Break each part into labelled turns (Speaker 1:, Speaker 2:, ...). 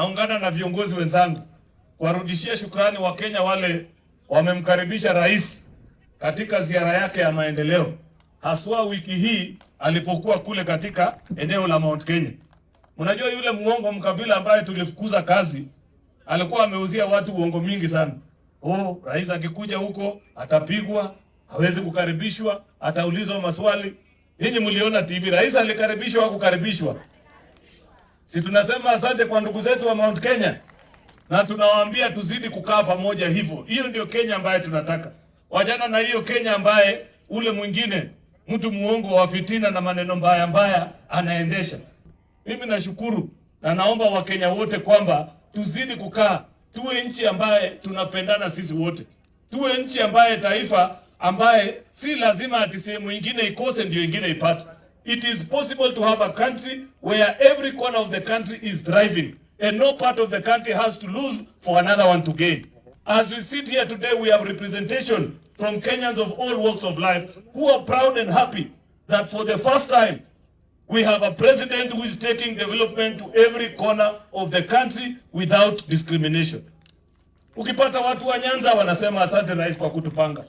Speaker 1: naungana na viongozi wenzangu kuwarudishia shukrani Wakenya wale wamemkaribisha rais katika ziara yake ya maendeleo, haswa wiki hii alipokuwa kule katika eneo la Mount Kenya. Unajua yule muongo mkabila ambaye tulifukuza kazi alikuwa ameuzia watu uongo mingi sana. Oh, rais akikuja huko atapigwa, hawezi kukaribishwa, ataulizwa maswali. Ninyi mliona TV, rais alikaribishwa au kukaribishwa? Si tunasema asante kwa ndugu zetu wa Mount Kenya na tunawaambia tuzidi kukaa pamoja hivyo. Hiyo ndio Kenya ambaye tunataka. Wajana na hiyo Kenya ambaye ule mwingine mtu muongo wa fitina na maneno mbaya mbaya anaendesha. Mimi nashukuru na naomba Wakenya wote kwamba tuzidi kukaa, tuwe nchi ambaye tunapendana sisi wote, tuwe nchi ambaye taifa ambaye si lazima ati sehemu ingine ikose ndio ingine ipate.
Speaker 2: It is possible to have a country where every corner of the country is thriving and no part of the country has to lose for another one to gain. As we sit here today, we have representation from Kenyans of all walks of life who are proud and happy that for the first time we have a president who is taking development to every corner of the country without discrimination.
Speaker 1: Ukipata watu wa Nyanza wanasema asante rais kwa kutupanga.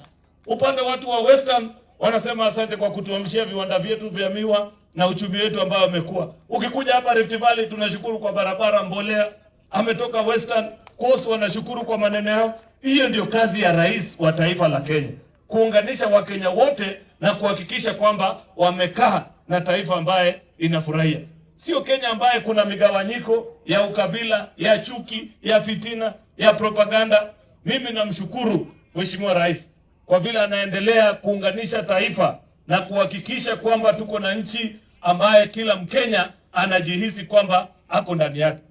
Speaker 1: Upande watu wa Western wanasema asante kwa kutuamshia viwanda vyetu vya miwa na uchumi wetu ambao umekuwa. Ukikuja hapa Rift Valley tunashukuru kwa barabara, mbolea ametoka Western Coast, wanashukuru kwa maneno yao. Hiyo ndio kazi ya rais wa taifa la Kenya, kuunganisha Wakenya wote na kuhakikisha kwamba wamekaa na taifa ambaye inafurahia, sio Kenya ambaye kuna migawanyiko ya ukabila, ya chuki, ya fitina, ya propaganda. Mimi namshukuru Mheshimiwa Rais kwa vile anaendelea kuunganisha taifa na kuhakikisha kwamba tuko na nchi ambaye kila Mkenya anajihisi kwamba ako ndani yake.